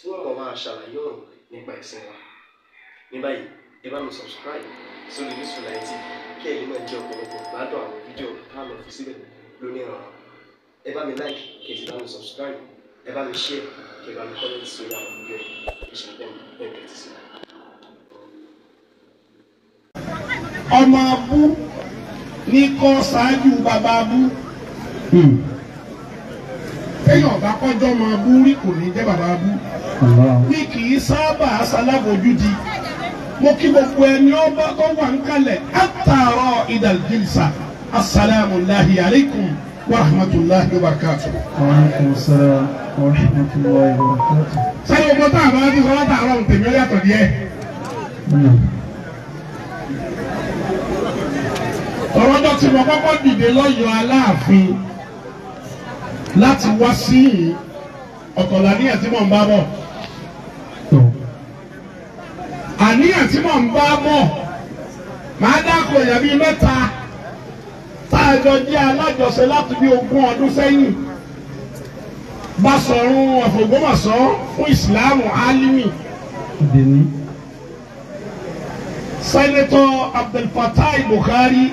tí wọ́n mọ̀ máa ṣàlàyé ọ̀rọ̀ nípa ẹ̀sìn wa ní báyìí ẹ bá mi subscribe sórí Yusufullahi TV kí ẹ̀yin náà jẹ́ ọ̀pọ̀lọpọ̀ gbádùn àwọn fídíò tá a lọ fi síbẹ̀ lónìí ọ̀rọ̀ ẹ bá mi like kí ẹ sì bá mi subscribe ẹ bá mi share kí ẹ bá mi comment sórí àwọn fídíò yìí ọmọ abú ní kọ́ ṣáájú bàbá abú. Hmm téèyàn bá kọjọ́ máa bú rí kò ní jẹ́ bàbá bú mi kì í sábà ṣalábòjúdi mo kí gbogbo ẹni ọba tó wà ń kalẹ̀ àtàrọ̀ ìdàlgìlìsà asalaamualeyhi aleykum wa wa rahmatulahi wa barakatu. sẹ́yìn ọmọ tá a bá ti sọ́wọ́ tààrọ̀ ń tèmi ó yàtọ̀ díẹ̀. Hmm. ọ̀rọ̀ dọ̀tí mo kọ́kọ́ dìde lọ́yọ̀ọ́ aláàfin láti wá sí ọ̀kọ̀lá níyàn tí mò ń bá bọ̀ àníyàn tí mò ń bá bọ̀ màá dákọ̀ èèyàn bíi mẹ́ta tá a jọ jẹ́ alájọṣe láti bí ogún ọdún sẹ́yìn Basọ̀run Ògbómọ̀ṣọ́ fún ìsìláàmù álímì sẹ́nẹ́tọ̀ Abdulfatai Buhari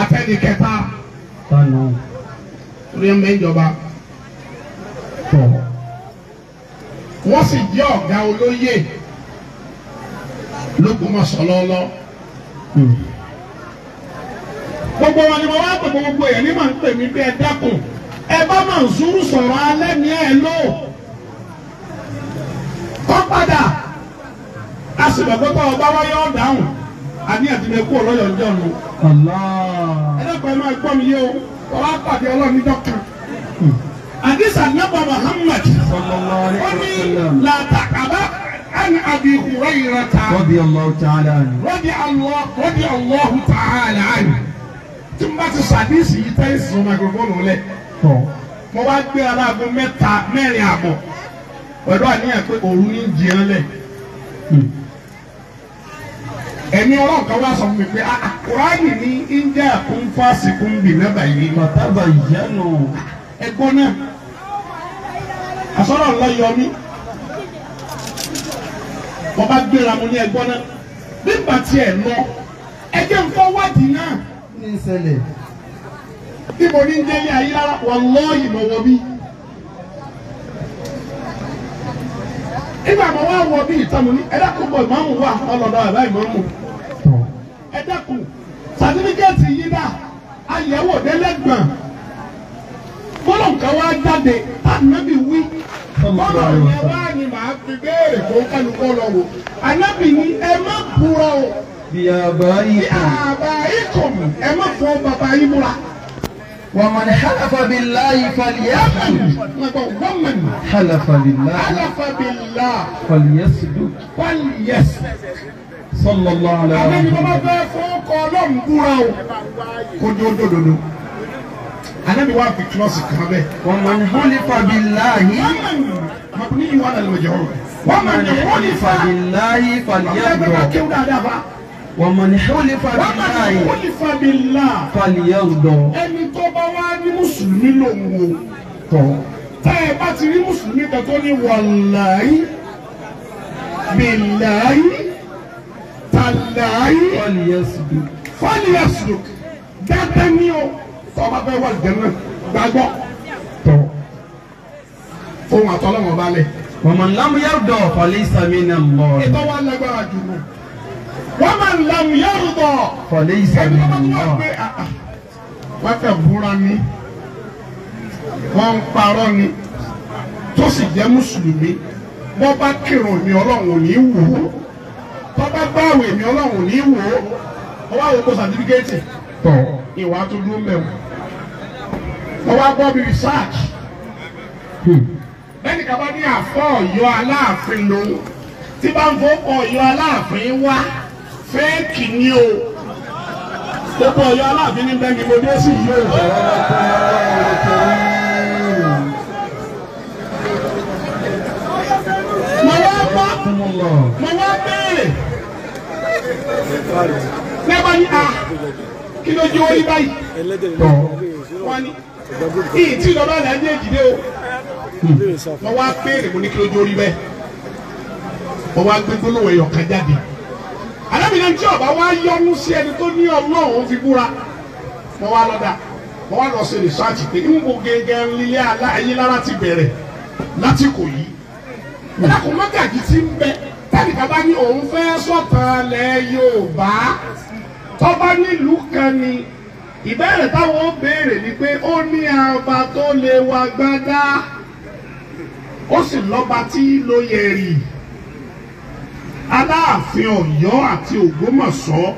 atẹ́ni kẹta orí ẹ̀ mẹ́jọba wọ́n sì jẹ́ ọ̀gá olóyè lókùnmọ̀sọ̀ lọ́lọ́ hmm. gbogbo wọn ni mo wá pè gbogbo èèyàn ní màá ń pè mí bí ẹ dákun ẹ bá Mansuru sọ̀rọ̀ alẹ́ ní ẹ lò kọ́ padà a sì bẹ̀ pé ọba wáyé ọ̀dáhùn àní àtìlẹ̀ kú ọlọ́yọ̀ ọjọ́ ni. ẹlẹ́kọ̀ọ́ máa gbọ́ mi yé o ọba pàdé ọlọ́run níjọ́ kan. àdìsá nàbà Muhammad ó ní làtàkàbá عن ابي هريره رضي الله تعالى عنه رضي الله رضي الله تعالى عنه tí mo bá ti sàdísì yìí tẹ́ ìsìn microphone lẹ̀ mo wá gbé aláàbò mẹ́ta mẹ́rin àbọ̀ pẹ̀lú àníyàn pé òru ní jìyàn lẹ̀ hmm ẹ̀mí ọlọ́run kan wá sọ fún mi pé ah, ah, kùránì ní india kún fásì kún bì nábà yìí. bàtàbà ìyá nù. Ah, ẹ̀gbọ́n náà àsọ̀rọ̀ ńlá yọ mí mo bá gbéra mo ní ẹ̀gbọ́n náà nígbà tí ẹ lọ ẹ jẹ́ nǹkan wádìí náà. ní ìṣẹ̀lẹ̀. níbo ní délé ayé rárá wọn lọ ìmọ̀wọ́ bí. nígbà mo wá wọ bí ìtàn mo ní ẹ dákúgbọ̀ ìmọ̀ọ́mù wà ọlọ́dọ̀ àbá ìmọ̀ọ́mù dẹ́kun sàtífíkẹ́ẹ̀tì yìí dà àyẹ̀wò délẹ́gbọ̀n gbọ́dọ̀ǹkà wá jáde ànábì wí gbọ́dọ̀ǹkà wá ni màá fi béèrè kó kálukú lọ wò ànábì ni ẹ má búra o bí àbá yìí kọ̀ ẹ má fọ bàbá yìí múra. ومن حلف بالله فليأمن ومن حلف بالله حلف بالله فليصدق فليصدق sallallahu alaihi wasallam. àlejò bàbá bẹ́ẹ̀ fún ọkọ̀ ọlọ́run búra o kó ní ó dòdòdò. àlejò wa fi kílọ̀sì kan bẹ́ẹ̀. wọ́n máa ń hólì fàbí láàyè. wọ́n ní ìwà náà lọ́jọ́ rẹ̀. wọ́n máa ń hólì fàbí láàyè fàlíyàgbọ́. wọ́n máa ń hólì fàbí láàyè fàlíyàgbọ́. ẹni tó bá wá ní mùsùlùmí lòun o. tọ́ tá ẹ bá ti rí mùsùlùmí kan tó ní wàláyé bíláyé láàyè fọ́ọ̀lì yasudu dáadáa ní o tọ́ba fẹ́ wà jẹ́nà gbàgbọ́ tọ́ fóun àtọ́lọ́wọ́n balẹ̀. ọmọ ńlámúyàrúdọ̀ fọlẹ́ sami náà mọ́. ètò wa lágbára jù lọ wọ́n máa ńlámúyàrúdọ̀ fọlẹ́ sami náà mọ́. wọ́n fẹ́ búra ní wọ́n ń parọ́ ní tó sì jẹ́ mùsùlùmí bọ́ bá kírun ní ò ní wù ú tọ́ba gbàwé mi ọlọ́run ní wò ó ọwọ́ àwọn kó sàtífíkẹ́tì tọ̀ ìwà tó dúró mẹ́wọ̀ ọwọ́ agbọ́ mi research hmm. bẹ́ẹ̀ni kaba ní àfọ́ ọ̀yọ́ aláàfin lòun tí bá ń fọ́ ọ̀yọ́ aláàfin wá fẹ́ẹ̀kì ni o gbogbo ọ̀yọ́ aláàfin ní bẹ́ẹ̀ni mo dé sí yìí o. mo wá bá mo wá béèrè lẹ́bàá ní a ah, kí ló jẹ́ orí báyìí tọ́ wọ́n ní ìyí tí lọ́ba là ń yéjìdé o mo wá béèrè mo ní kí ló jẹ́ orí bẹ́ẹ̀ mo wá gbé gbólóhùn ẹ̀yọ̀ kan jáde alábìnrin tí ọba wá yọnu sí ẹni tó ní ọlọ́run fi búra mo wá lọ́dà mo wá lọ sí rìsáàtì pé ní mo gẹ́gẹ́ nílé ayélujára ti bẹ̀rẹ̀ láti kò yí ẹ̀dá kò mọ́gàjì ti ń bẹ́ẹ̀ tẹ́nìkan bá ní òun fẹ́ sọ̀tàn lẹ̀ Yorùbá tó bá nílùú kan ni ìbéèrè táwọn ó béèrè ni pé ó ní ọba tó lè wá gbádá ó sì lọ́ba tí ló yẹ rì aláàfin Ọ̀yọ́ àti Ògbómọ̀ṣọ́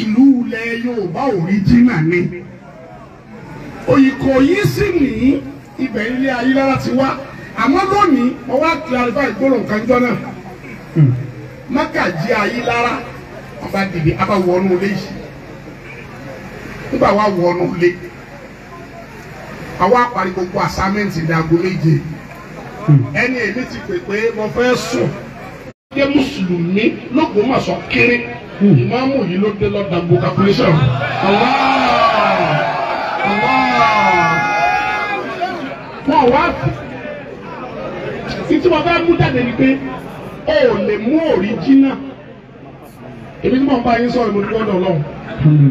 ìlú ilẹ̀ Yorùbá òríjínà ni òyìnkò yìí sì ní ibẹ̀ ilé ayélujára ti wá àmọ́ lónìí mo wá clarify ìgbóhùn kanjọ́ náà mákàjí ayé lára ọba dìde abá wọnú ilé yìí nígbà wà wọnú ilé àwa parí gbogbo asámẹ́ǹtì ní méje ẹni èmi ti pè mo fẹ́ sùn dé mùsùlùmí lÓgbómọ̀ṣọ́ kéré ìmáàmù yìí ló dé lọ́dà gbogbo calculation wọn wá títí wọn bá mú jáde ni pé ó lè mú òríjínà èmi tí mò ń bá yín sọ̀rọ̀ mo dúpọ́ lọ́wọ́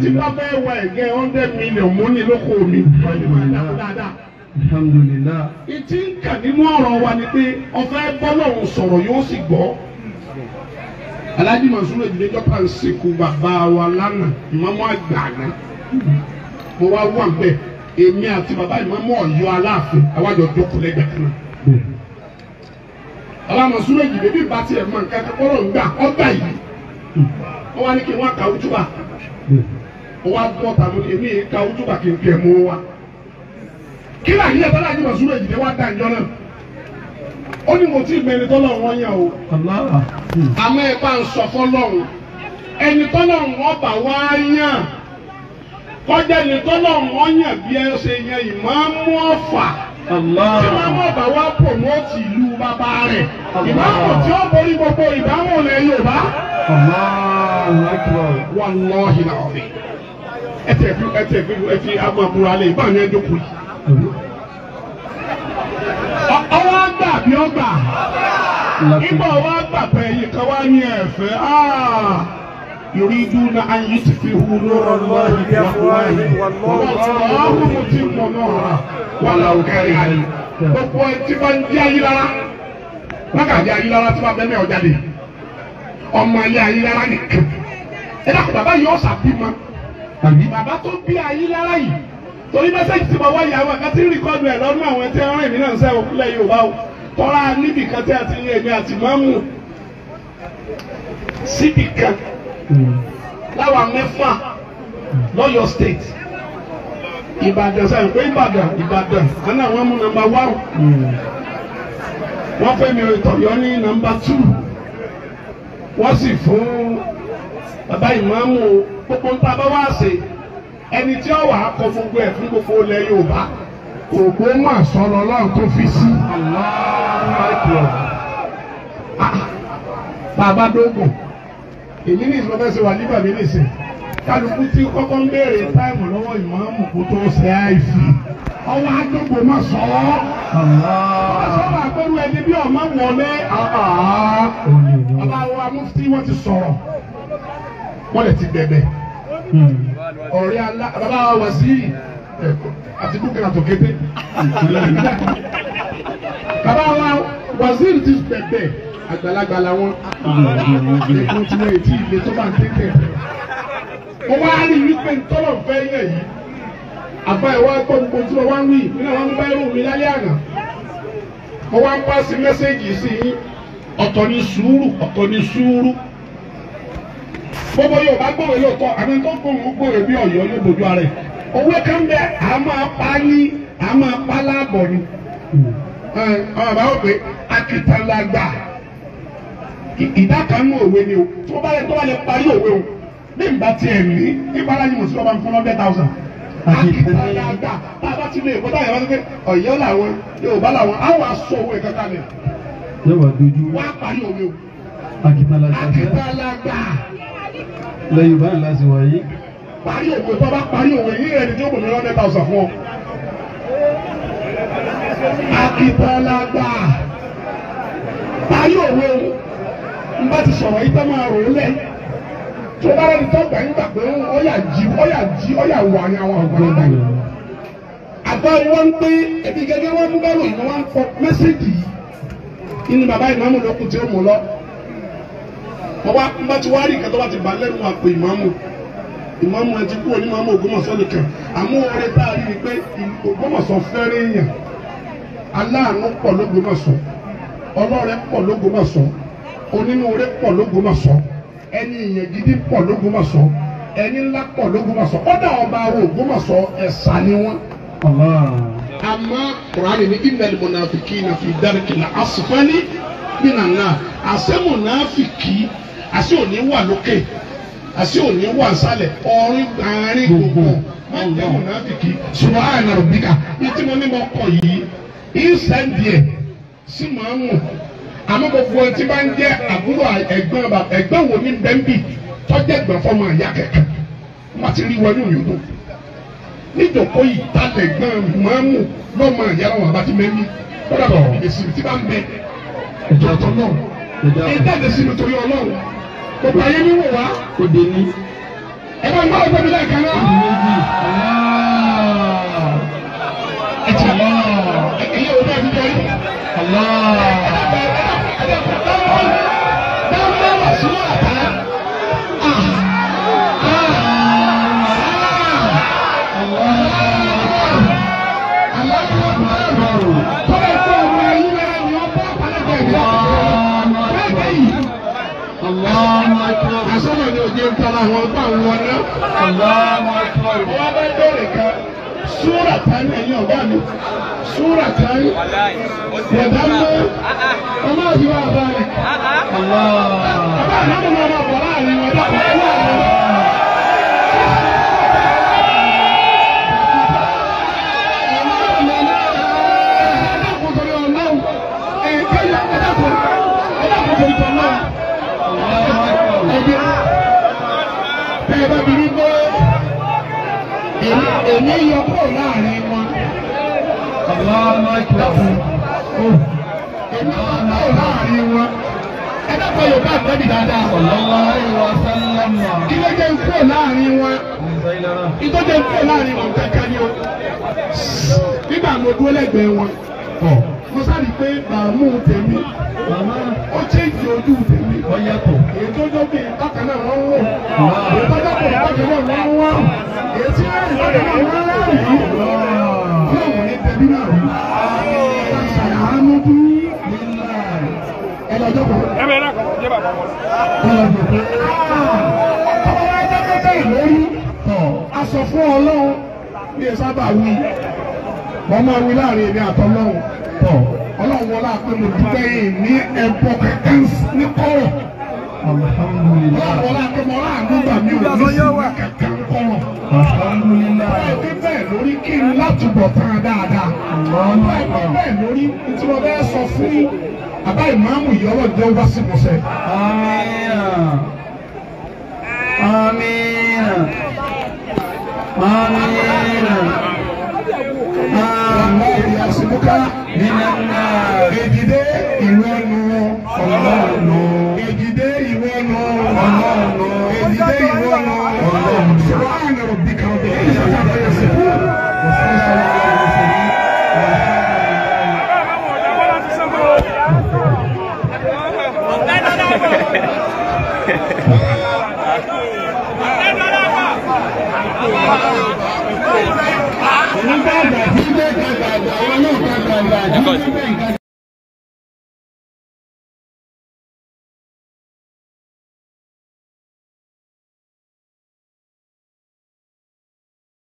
tí bá fẹ́ wá ẹ̀gẹ́ hundred million mú ní lóko mi ìtí ń kà nínú ọ̀rọ̀ wa ni pé ọ̀fẹ́ bọ́lọ́run sọ̀rọ̀ yóò sì gbọ́ alhaji masuru ìdílé jọba ń sìnkú bàbá wa lánàá ìmọ̀mọ́ àgbà náà mo wá wà bẹ́ẹ̀ èmi àti bàbá ìmọ̀mọ́ ọ̀yọ́ aláàfin àwájọ jókòó lẹ́gbẹ̀ẹ́ kan náà alámọ̀ súnmẹ́jì bèbí bá tiẹ̀ mọ nǹkan kan kọ́rọ̀ ń gbà ọgbà yìí wọ́n wá ní kí wọ́n kàwé túbà wọ́n wá bọ́ tàbí kí ní kàwé túbà kí n kẹ́ mú wa. kí ni àyè ẹ̀fọ́ láyé mọ̀ súnmẹ́jì dé wá dá ìjọ náà ó ní mo ti gbẹ̀rẹ̀ tọ́lọ̀ wọn yàn o àmọ́ ẹ bá ń sọ fọlọ́run ẹni tọ́lọ̀ wọn bá wá yàn kọjá ẹni tọ́lọ̀ wọn yàn bí ẹ ṣe yàn ìmáàmù Ọ̀fà tí bá wá promote ìlú bàbá rẹ̀ ìbámu tí ó borí gbogbo ìbámu ilẹ̀ Yorùbá. wàlọ́ọ̀hì làwọn mi ẹ tẹ̀ fi ẹ tẹ̀ fi ẹ fi agbọ̀ àmúra lẹ̀ ìbámu yẹn jókòó yìí ọwọ́ gbà bí ó ibà wá gbà pẹ̀yì kan ní ẹ̀fẹ́ áà. Ah! يريدون أن يطفئوا نور الله بأفواههم والله متم نوره ولو كره gbogbo ẹtí bá ń jẹ́ ayélujára lákàtí ayélujára tí wọ́n bẹ́ẹ̀ mẹ́ọ̀ jáde ọmọ ilé ayélujára nìkan ẹ dákun bàbá yìí ọ̀sà bímọ bàbá tó bí ayélujára yìí torí mẹ́sẹ̀gì tí mo wá yà wọ́n kẹ́tí rìkọ́dù ẹ̀ lọ́dún àwọn ẹtí ẹran ìmí náà ń sẹ́ òkúlẹ̀ Yorùbá o tọ́ra níbi kan tẹ́ àti yẹn èmi àti mọ́mù síbi kan láwa mẹ́fà lọ́yọ̀ state ìbàdàn sáyẹn pé ìbàdàn ìbàdàn àná àwọn mú nàmbà wáwù wọ́n fẹ́ mi ìtọ̀yọ́ ní nàmbà tù wọ́n sì fún bàbá ìmáàmù gbogbo ń tábà wá sí ẹni tí ó wà á kọ gbogbo ẹ̀ fún gbogbo ilẹ̀ Yorùbá ògbó mà sọ̀rọ̀ lọ́run tó fi sí. Ah, bàbá dógùn èmi ní ìsọfẹsẹ wà nígbà mi nìsẹ kálukú tí kọ́kọ́ ń béèrè táìmù lọ́wọ́ ìmáàmù kó tó ṣe àìfì ọwọ́ àdógbò má sọ ọ ọsọba àpẹrù ẹni bí ọmọ wọlé ọba ah, ah, ah. àwọn amúfitì wọn ti sọ̀rọ̀ wọn lè ti bẹ̀bẹ̀ ọ̀rẹ́ alá bàbá wa wá sí àti dúkìá tó kété bàbá wa wá sí ti bẹ̀bẹ̀ àgbàlagbà làwọn ẹ̀kọ́ tí wọ́n ti ilé tó bá ń tẹ́tẹ̀. mo wá rí wípé ntọ́lọ̀ fẹ́ yẹ̀ yìí àbá ẹ̀ wá gbọ́ gbogbo tí wọ́n wá ń wí nínú àwọn bá irú mi lálẹ́ àná. mo wá ń bá sí mẹ́sẹ́gì sí yín ọ̀tọ̀ ni sùúrù ọ̀tọ̀ ni sùúrù. gbogbo yóò bá gbòòrè lóòótọ́ àmì tó gbòòrò gbòòrè bí ọ̀yọ́ ló bójú ara ẹ̀. owó kan bẹ a máa pa ní a máa pa láàbọ̀ ni. ọ̀rọ̀ báwo pé akitan la gbà ìdá kan nú òwe ni o tó bá yẹ tó bá yẹ parí òwe o ní ìgbà tí ẹ ní ìpara ni mùsùlùmí máa ń fún one hundred thousand. akitaya gbà tá a bá ti lè kó táyà bá ti pé ọ̀yọ́ làwọn Yorùbá làwọn á wàá sọ owó ẹ̀ka kalẹ̀. yọ̀wá dojú wá parí òwe o. akitala gbà akitala gbà. lẹ́yìn báyìí láti wáyé. parí òwe tó bá parí òwe yìí rẹ̀ ni tí ó kò ní one hundred fún ọ. akitala gbà parí òwe o n bá ti sọ̀rọ̀ yìí tẹ́ máa rò ó lẹ̀ tó bá rẹ̀ tó gbà ń gbà pé ó yà jí ó yà jí ó yà wà ní àwọn àgbàlagbà yìí àgbà wọn ń pé ebi gẹ́gẹ́ wọn mú bẹ́rù ìlú wọn kọ mẹ́sẹ̀gì yìí inú bàbá ìmáàmù ló kù tí ó mú lọ mo wá n ti wá rí nǹkan tó bá lẹ́nu wa pé ìmáàmù ìmáàmù ẹ ti kú òní ìmáàmù Ògbómọ̀ṣọ́ nìkan àmọ́ oore tá a rí ni pé Ògbómọ̀ṣọ́ fẹ́rẹ̀ aláàánú pọ̀ l'Ógbómọ̀ṣọ́ ọlọ́rẹ̀ pọ̀ l'Ógbómọ̀ṣọ́ onínúure pọ̀ lÓgbómọ̀ṣọ́ ẹni ìyẹn pọ̀ lÓgbómọ̀ṣọ́ ẹni ńlá pọ̀ lÓgbómọ̀ṣọ́ kódà ọba àwọn Ògbómọ̀ṣọ́ ẹ̀sà ni wọ́n. àmọ́ kùránì ní innal munafiqina fi àṣẹ òní wà lókè àṣẹ òní wà sálẹ̀ ọ̀rìn àárín gbogbo ní yìí sí àmọ́ gbogbo ẹtí bá ń jẹ́ àbúrò ẹ̀gbọ́n bàbá ẹ̀gbọ́n wo ní bẹ́ńbì tọ́jẹ́ gbọ̀n fọmọ àyà kẹ̀kẹ́ wọ́n ti rí wọnú yòókù níjòkó yìí talẹ̀ gbọ́n mọ́mù lọ́mọ àyà wọn àbá ti mẹ́mí kódà bọ̀ èsì tí bá ń bẹ ìjọ ọ̀tọ̀ náà ìjọ àti èsì nítorí ọlọ́run gbogbo ayé ní wò wá òde ní ẹ bá ń bá ọgbẹ́ mi lẹ́ẹ̀kan náà. Allah àsọ̀rọ̀ ni òjò ń tara àwọn ọgbà wọn ná. wọ́n bá bẹ̀rẹ̀ kan súrà tán lẹ́yìn ọ̀gá mi súrà kan bọ̀dá mọ́ ọmọ àbí wà bá rẹ̀ bàbá àná mo àtẹ́bí dáadáa. kí ló jẹ́ nkúrò láàrin wọn ìtọ́jẹ́ nkúrò láàrin wọn kankan ni o nígbà mo dúró lẹ́gbẹ̀ẹ́ wọn mo sáré pé bàámu tèmi ó chéjì ojú tèmi ètò ìjọba ìtọ́ka náà wọ́n wò ètò ìjọba ìtọ́ka náà wọ́n wò ètò ìjọba ìtọ́ka náà wọ́n wò yóò wọlé tẹ̀lé náà rí ẹ bẹ náà kọ́ jẹ́ bàbá wọn. tọ́wọ́ wá jẹ́ pé bẹ́ẹ̀ lórí aṣọ fún ọlọ́run bí ẹ sábà wí wọ́n máa wí láàrin èmi àtọ́lọ́run tọ́ ọlọ́run wọlé àpé mo dúpẹ́ yìí ní ẹ̀bọ kẹ̀kẹ́ ní kọ́rọ̀ ọlọ́run wọlé àpé mo rà àgbọ̀gbà mi ò ní sí kẹ̀kẹ́ kọ́rọ̀ ọlọ́run bẹ́ẹ̀ lórí kí n látúbọ̀ tán dáadáa ọlọ́run bẹ́ẹ̀ lórí tí mo bẹ́ẹ̀ sọ fún bàbá ìmáàmù yìí ọlọ́jọ́ wá sí mọ́sẹ̀. àmín àmín àmín àsìkúkà èdìdé ìlú ẹnu ọlọ́ọ̀nù èdìdé ìlú ẹnu ọlọ́ọ̀nù.